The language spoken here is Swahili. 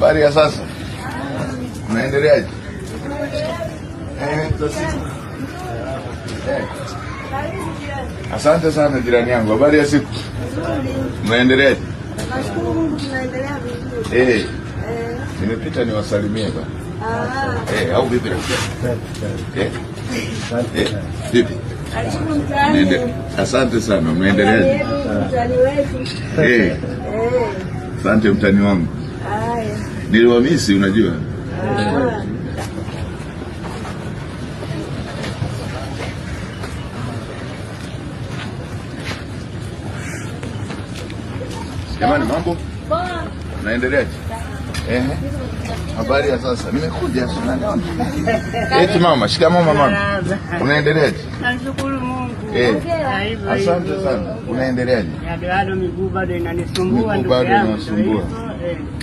Habari ya sasa, unaendeleaje? Eh, Asante sana jirani yangu, habari ya siku, unaendeleaje? Eh, nimepita niwasalimie bwana. Eh, au vipi rafiki? Eh, eh, asante sana, unaendeleaje? Eh, asante mtani wangu. Niliwamisi, unajua jamani, mambo naendeleaje? Eh, habari ya sasa, nimekuja eti mama. Shikamoo mama, unaendeleaje? Nashukuru Mungu. Eh. asante sana. Unaendeleaje? Bado miguu bado inanisumbua, ndugu yangu, bado inasumbua.